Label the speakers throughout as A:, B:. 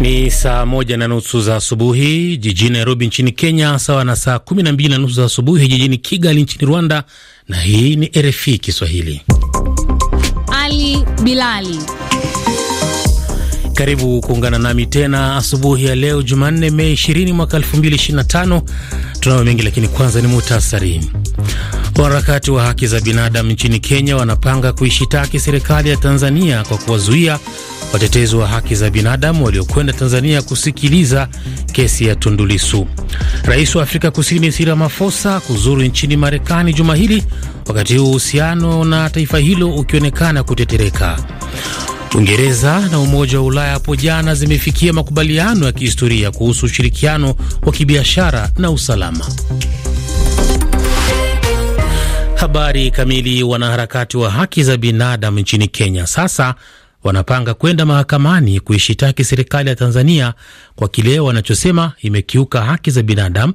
A: Ni saa moja na nusu za asubuhi jijini Nairobi nchini Kenya, sawa na saa kumi na mbili na nusu za asubuhi jijini Kigali nchini Rwanda. Na hii ni RFI Kiswahili.
B: Ali Bilali,
A: karibu kuungana nami tena asubuhi ya leo Jumanne, Mei 20 mwaka 2025. Tunayo mengi, lakini kwanza ni muhtasari. Waharakati wa haki za binadamu nchini Kenya wanapanga kuishitaki serikali ya Tanzania kwa kuwazuia watetezi wa haki za binadamu waliokwenda Tanzania kusikiliza kesi ya tundulisu Rais wa Afrika Kusini Cyril Ramaphosa kuzuru nchini Marekani juma hili, wakati huu uhusiano na taifa hilo ukionekana kutetereka. Uingereza na Umoja wa Ulaya hapo jana zimefikia makubaliano ya kihistoria kuhusu ushirikiano wa kibiashara na usalama. Habari kamili. Wanaharakati wa haki za binadamu nchini Kenya sasa wanapanga kwenda mahakamani kuishitaki serikali ya Tanzania kwa kile wanachosema imekiuka haki za binadamu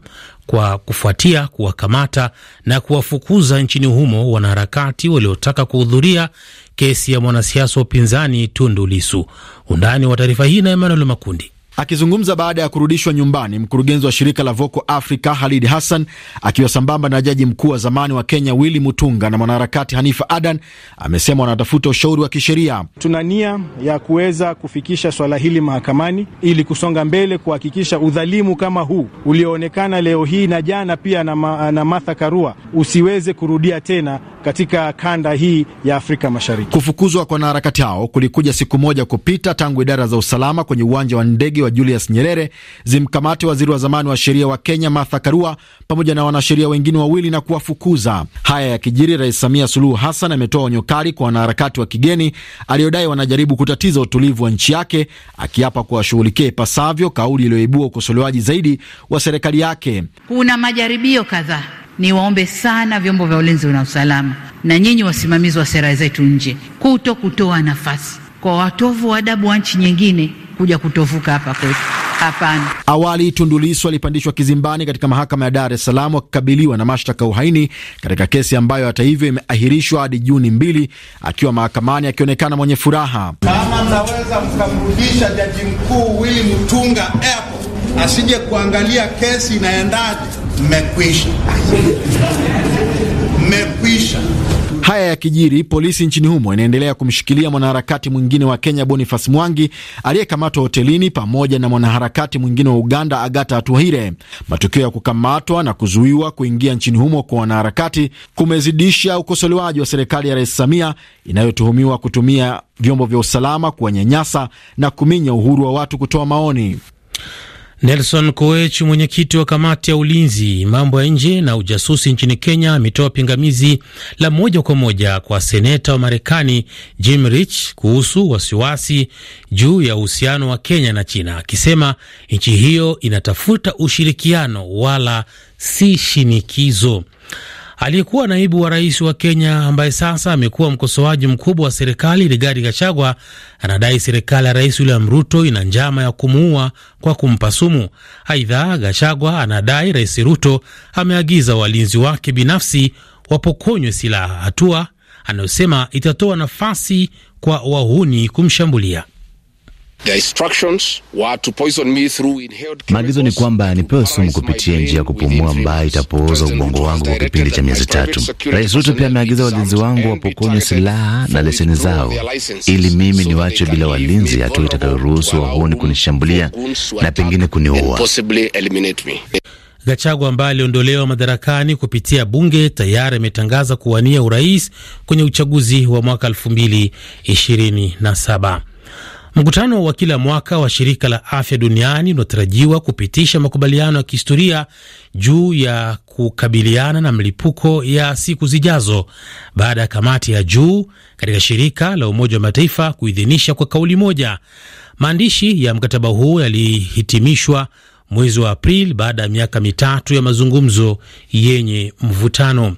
A: kwa kufuatia kuwakamata na kuwafukuza nchini humo wanaharakati waliotaka kuhudhuria kesi ya mwanasiasa wa upinzani Tundu Lisu. Undani wa taarifa hii na Emmanuel Makundi.
C: Akizungumza baada ya kurudishwa nyumbani, mkurugenzi wa shirika la Voco Africa Halid Hassan akiwa sambamba na jaji mkuu wa zamani wa Kenya Willy Mutunga na mwanaharakati Hanifa Adan amesema wanatafuta ushauri wa kisheria. Tuna nia ya kuweza kufikisha swala hili mahakamani ili kusonga mbele, kuhakikisha udhalimu kama huu ulioonekana leo hii na jana pia na, ma, na Martha Karua usiweze kurudia tena katika kanda hii ya Afrika Mashariki. Kufukuzwa kwa wanaharakati hao kulikuja siku moja kupita tangu idara za usalama kwenye uwanja wa ndege wa Julius Nyerere zimkamate waziri wa zamani wa sheria wa Kenya Martha Karua pamoja na wanasheria wengine wawili na kuwafukuza. Haya yakijiri, Rais Samia Suluhu Hassan ametoa onyo kali kwa wanaharakati wa kigeni aliyodai wanajaribu kutatiza utulivu wa nchi yake, akiapa kuwashughulikia ipasavyo, kauli iliyoibua ukosolewaji zaidi wa serikali yake.
B: Kuna majaribio kadhaa Niwaombe sana vyombo vya ulinzi na usalama na nyinyi wasimamizi wa sera zetu nje, kuto kutoa nafasi kwa watovu wa adabu wa nchi nyingine kuja kutovuka hapa kwetu.
C: Hapana. Awali Tundu Lissu alipandishwa kizimbani katika mahakama ya Dar es Salaam akikabiliwa na mashtaka uhaini katika kesi ambayo hata hivyo imeahirishwa hadi Juni mbili, akiwa mahakamani akionekana mwenye furaha. Kama mnaweza mkamrudisha jaji mkuu Willy Mutunga asije kuangalia kesi inaendaje, mmekwisha Haya kijiri polisi nchini humo inaendelea kumshikilia mwanaharakati mwingine wa Kenya Boniface Mwangi aliyekamatwa hotelini pamoja na mwanaharakati mwingine wa Uganda Agata Atuhaire. Matukio ya kukamatwa na kuzuiwa kuingia nchini humo kwa wanaharakati kumezidisha ukosolewaji wa serikali ya Rais Samia inayotuhumiwa kutumia vyombo vya usalama kuwanyanyasa na kuminya uhuru wa watu kutoa maoni.
A: Nelson Koech, mwenyekiti wa kamati ya ulinzi, mambo ya nje na ujasusi nchini Kenya, ametoa pingamizi la moja kwa moja kwa seneta wa Marekani Jim Rich kuhusu wasiwasi juu ya uhusiano wa Kenya na China, akisema nchi hiyo inatafuta ushirikiano wala si shinikizo. Aliyekuwa naibu wa rais wa Kenya ambaye sasa amekuwa mkosoaji mkubwa wa serikali, Rigathi Gachagua anadai serikali ya rais William Ruto ina njama ya kumuua kwa kumpa sumu. Aidha, Gachagua anadai rais Ruto ameagiza walinzi wake binafsi wapokonywe silaha, hatua anayosema itatoa nafasi kwa wahuni kumshambulia.
C: Maagizo ni kwamba nipewe sumu kupitia njia ya kupumua ambayo itapooza ubongo wangu kwa kipindi cha miezi tatu. Rais Ruto pia
A: ameagiza walinzi wangu wapokonywe silaha
C: na leseni zao, ili mimi niwachwe bila walinzi, hatua itakayoruhusu wahuni kunishambulia na pengine kuniua.
A: Gachagua ambaye aliondolewa madarakani kupitia bunge tayari ametangaza kuwania urais kwenye uchaguzi wa mwaka 227 Mkutano wa kila mwaka wa shirika la afya duniani unatarajiwa kupitisha makubaliano ya kihistoria juu ya kukabiliana na mlipuko ya siku zijazo baada ya kamati ya juu katika shirika la Umoja wa Mataifa kuidhinisha kwa kauli moja. Maandishi ya mkataba huu yalihitimishwa mwezi wa Aprili baada ya miaka mitatu ya mazungumzo yenye mvutano.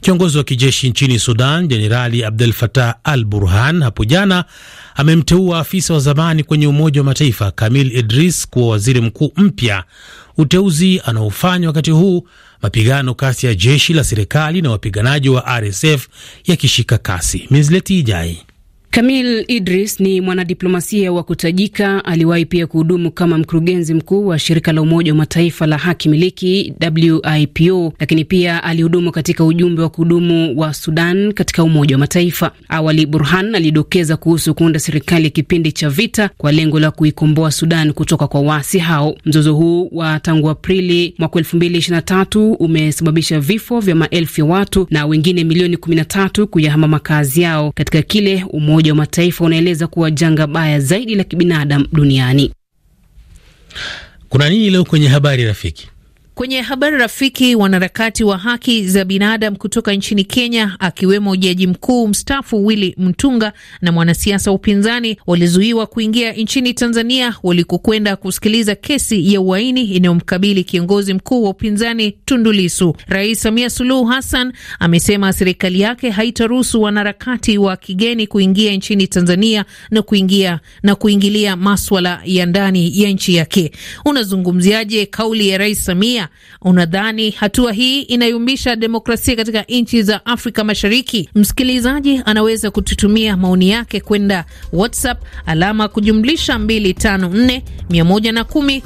A: Kiongozi wa kijeshi nchini Sudan, Jenerali Abdel Fattah al Burhan, hapo jana amemteua afisa wa zamani kwenye Umoja wa Mataifa Kamil Idris kuwa waziri mkuu mpya, uteuzi anaofanywa wakati huu mapigano kati ya jeshi la serikali na wapiganaji wa RSF yakishika kasi. Mizleti Ijai.
B: Kamil Idris ni mwanadiplomasia wa kutajika. Aliwahi pia kuhudumu kama mkurugenzi mkuu wa shirika la Umoja wa Mataifa la haki miliki WIPO, lakini pia alihudumu katika ujumbe wa kudumu wa Sudan katika Umoja wa Mataifa. Awali, Burhan alidokeza kuhusu kuunda serikali ya kipindi cha vita kwa lengo la kuikomboa Sudan kutoka kwa waasi hao. Mzozo huu wa tangu Aprili mwaka 2023 umesababisha vifo vya maelfu ya watu na wengine milioni 13 kuyahama makazi yao katika kile umoja Umoja wa Mataifa unaeleza kuwa janga baya zaidi la kibinadamu
A: duniani. Kuna nini leo kwenye habari rafiki?
B: Kwenye habari rafiki, wanaharakati wa haki za binadamu kutoka nchini Kenya, akiwemo jaji mkuu mstaafu Willy Mtunga na mwanasiasa wa upinzani walizuiwa kuingia nchini Tanzania walikokwenda kusikiliza kesi ya uhaini inayomkabili kiongozi mkuu wa upinzani Tundu Lissu. Rais Samia Suluhu Hassan amesema serikali yake haitaruhusu wanaharakati wa kigeni kuingia nchini Tanzania na kuingia na kuingilia maswala ya ndani ya nchi yake. Unazungumziaje kauli ya Rais Samia Unadhani hatua hii inayumbisha demokrasia katika nchi za Afrika Mashariki? Msikilizaji anaweza kututumia maoni yake kwenda WhatsApp alama kujumlisha 254 110 000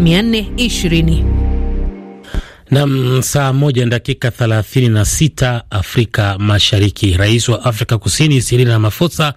B: 420.
A: Nam, saa moja na dakika thelathini na sita Afrika Mashariki. Rais wa Afrika Kusini Cyril Ramaphosa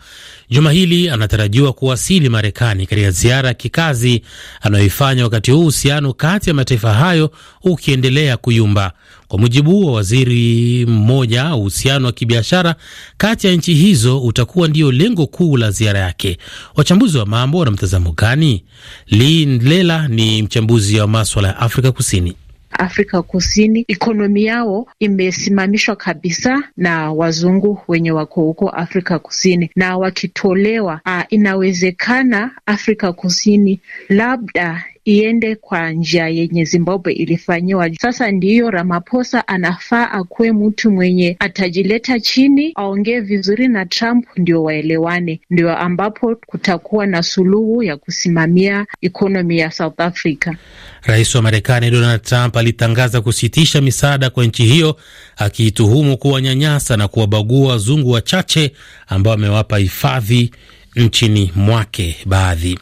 A: Juma hili anatarajiwa kuwasili Marekani katika ziara ya kikazi anayoifanya wakati huu uhusiano kati ya mataifa hayo ukiendelea kuyumba. Kwa mujibu wa waziri mmoja, uhusiano wa kibiashara kati ya nchi hizo utakuwa ndiyo lengo kuu la ziara yake. Wachambuzi wa mambo wana mtazamo gani? Lin ni mchambuzi wa maswala ya Afrika Kusini.
B: Afrika Kusini, ikonomi yao imesimamishwa kabisa na wazungu wenye wako huko Afrika Kusini, na wakitolewa, uh, inawezekana Afrika Kusini labda iende kwa njia yenye Zimbabwe ilifanyiwa. Sasa ndiyo Ramaphosa anafaa akuwe mtu mwenye atajileta chini, aongee vizuri na Trump ndio waelewane, ndio ambapo kutakuwa na suluhu ya kusimamia ekonomi ya South Africa.
A: Rais wa Marekani Donald Trump alitangaza kusitisha misaada kwa nchi hiyo akiituhumu kuwanyanyasa na kuwabagua wazungu wachache ambao amewapa hifadhi nchini mwake baadhi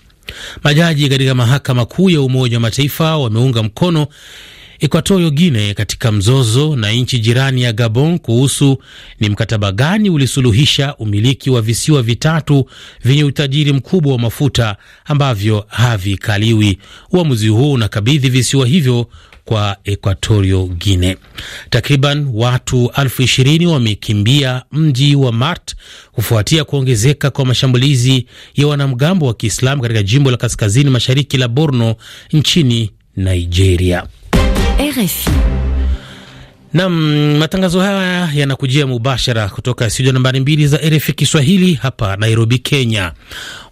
A: Majaji katika mahakama kuu ya Umoja wa Mataifa wameunga mkono Equatorio Guine katika mzozo na nchi jirani ya Gabon kuhusu ni mkataba gani ulisuluhisha umiliki wa visiwa vitatu vyenye utajiri mkubwa wa mafuta ambavyo havikaliwi. Uamuzi huo unakabidhi visiwa hivyo kwa Equatorio Guine. Takriban watu elfu ishirini wamekimbia mji wa Mart kufuatia kuongezeka kwa mashambulizi ya wanamgambo wa Kiislamu katika jimbo la kaskazini mashariki la Borno nchini Nigeria. RFI. Nam, matangazo haya yanakujia mubashara kutoka studio nambari mbili za RFI Kiswahili hapa Nairobi, Kenya.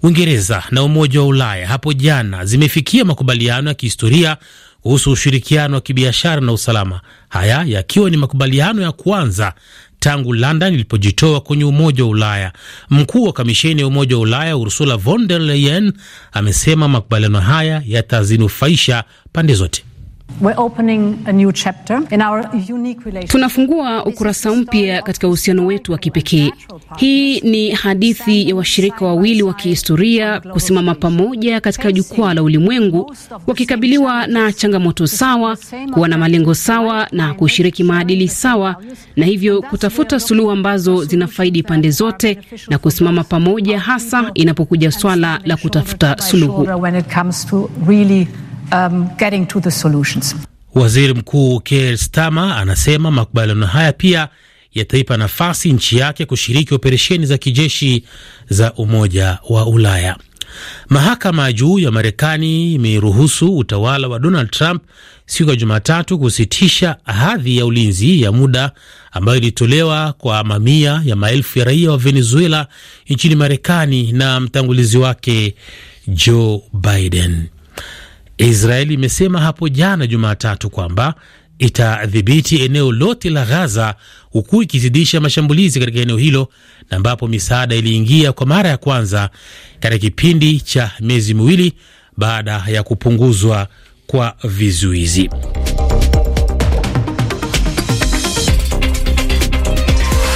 A: Uingereza na Umoja wa Ulaya hapo jana zimefikia makubaliano ya kihistoria kuhusu ushirikiano wa kibiashara na usalama, haya yakiwa ni makubaliano ya kwanza tangu London ilipojitoa kwenye Umoja wa Ulaya. Mkuu wa kamisheni ya Umoja wa Ulaya Ursula von der Leyen amesema makubaliano haya yatazinufaisha pande zote.
B: Tunafungua ukurasa mpya katika uhusiano wetu wa kipekee. Hii ni hadithi ya washirika wawili wa kihistoria kusimama pamoja katika jukwaa la ulimwengu, wakikabiliwa na changamoto sawa, kuwa na malengo sawa na kushiriki maadili sawa, na hivyo kutafuta suluhu ambazo zinafaidi pande zote na kusimama pamoja, hasa inapokuja swala la kutafuta suluhu um, getting to the solutions.
A: Waziri Mkuu Keir Starmer anasema makubaliano haya pia yataipa nafasi nchi yake kushiriki operesheni za kijeshi za Umoja wa Ulaya. Mahakama ya juu ya Marekani imeruhusu utawala wa Donald Trump siku ya Jumatatu kusitisha hadhi ya ulinzi ya muda ambayo ilitolewa kwa mamia ya maelfu ya raia wa Venezuela nchini Marekani na mtangulizi wake Joe Biden. Israeli imesema hapo jana Jumatatu kwamba itadhibiti eneo lote la Gaza huku ikizidisha mashambulizi katika eneo hilo na ambapo misaada iliingia kwa mara ya kwanza katika kipindi cha miezi miwili baada ya kupunguzwa kwa vizuizi.